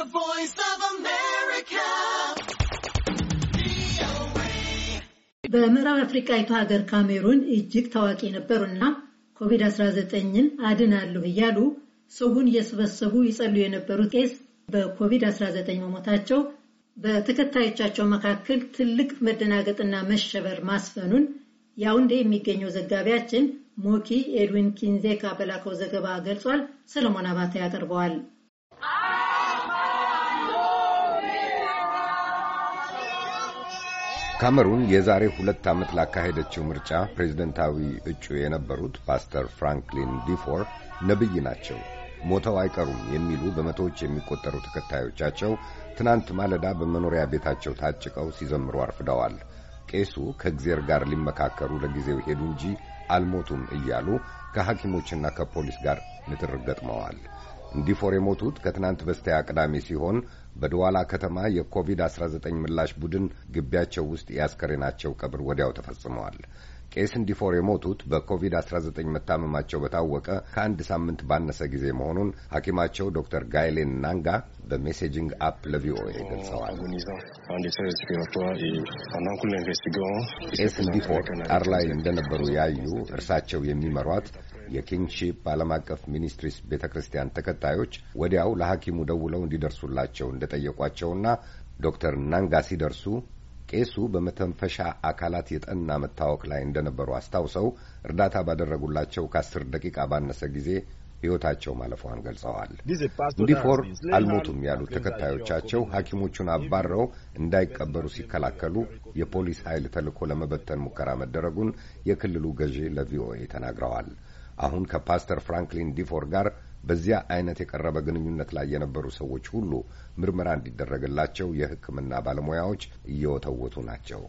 The voice of America. በምዕራብ አፍሪቃዊቱ ሀገር ካሜሩን እጅግ ታዋቂ የነበሩና ኮቪድ-19ን አድናለሁ እያሉ ሰውን እየሰበሰቡ ይጸሉ የነበሩት ቄስ በኮቪድ-19 መሞታቸው በተከታዮቻቸው መካከል ትልቅ መደናገጥና መሸበር ማስፈኑን ያውንዴ የሚገኘው ዘጋቢያችን ሞኪ ኤድዊን ኪንዜካ በላከው ዘገባ ገልጿል። ሰለሞን አባተ ያቀርበዋል። ካሜሩን የዛሬ ሁለት ዓመት ላካሄደችው ምርጫ ፕሬዝደንታዊ እጩ የነበሩት ፓስተር ፍራንክሊን ዲፎር ነቢይ ናቸው፣ ሞተው አይቀሩም የሚሉ በመቶዎች የሚቆጠሩ ተከታዮቻቸው ትናንት ማለዳ በመኖሪያ ቤታቸው ታጭቀው ሲዘምሩ አርፍደዋል። ቄሱ ከእግዜር ጋር ሊመካከሩ ለጊዜው ሄዱ እንጂ አልሞቱም እያሉ ከሐኪሞችና ከፖሊስ ጋር ንትርክ ገጥመዋል። እንዲፎር የሞቱት ከትናንት በስቲያ ቅዳሜ ሲሆን በድዋላ ከተማ የኮቪድ-19 ምላሽ ቡድን ግቢያቸው ውስጥ የአስከሬናቸው ቀብር ወዲያው ተፈጽመዋል። ቄስ እንዲፎር የሞቱት በኮቪድ-19 መታመማቸው በታወቀ ከአንድ ሳምንት ባነሰ ጊዜ መሆኑን ሐኪማቸው ዶክተር ጋይሌን ናንጋ በሜሴጂንግ አፕ ለቪኦኤ ገልጸዋል። ቄስ እንዲፎር ጣር ላይ እንደነበሩ ያዩ እርሳቸው የሚመሯት የኪንግሺፕ ዓለም አቀፍ ሚኒስትሪስ ቤተ ክርስቲያን ተከታዮች ወዲያው ለሐኪሙ ደውለው እንዲደርሱላቸው እንደጠየቋቸውና ዶክተር ናንጋ ሲደርሱ ቄሱ በመተንፈሻ አካላት የጠና መታወክ ላይ እንደነበሩ አስታውሰው እርዳታ ባደረጉላቸው ከአስር ደቂቃ ባነሰ ጊዜ ሕይወታቸው ማለፏን ገልጸዋል። እንዲፎር አልሞቱም ያሉት ተከታዮቻቸው ሐኪሞቹን አባረው እንዳይቀበሩ ሲከላከሉ የፖሊስ ኃይል ተልኮ ለመበተን ሙከራ መደረጉን የክልሉ ገዢ ለቪኦኤ ተናግረዋል። አሁን ከፓስተር ፍራንክሊን ዲፎር ጋር በዚያ አይነት የቀረበ ግንኙነት ላይ የነበሩ ሰዎች ሁሉ ምርመራ እንዲደረግላቸው የሕክምና ባለሙያዎች እየወተወቱ ናቸው።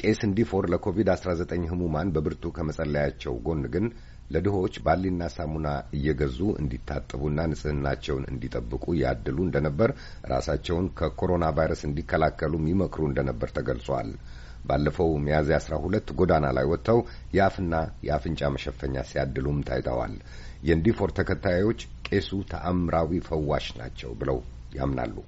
ቄስ እንዲፎር ለኮቪድ-19 ህሙማን በብርቱ ከመጸለያቸው ጎን ግን ለድሆች ባሊና ሳሙና እየገዙ እንዲታጠቡና ንጽህናቸውን እንዲጠብቁ ያድሉ እንደነበር፣ ራሳቸውን ከኮሮና ቫይረስ እንዲከላከሉም ይመክሩ እንደነበር ተገልጿል። ባለፈው ሚያዝያ 12 ጎዳና ላይ ወጥተው የአፍና የአፍንጫ መሸፈኛ ሲያድሉም ታይተዋል። የእንዲፎር ተከታዮች ቄሱ ተአምራዊ ፈዋሽ ናቸው ብለው ያምናሉ።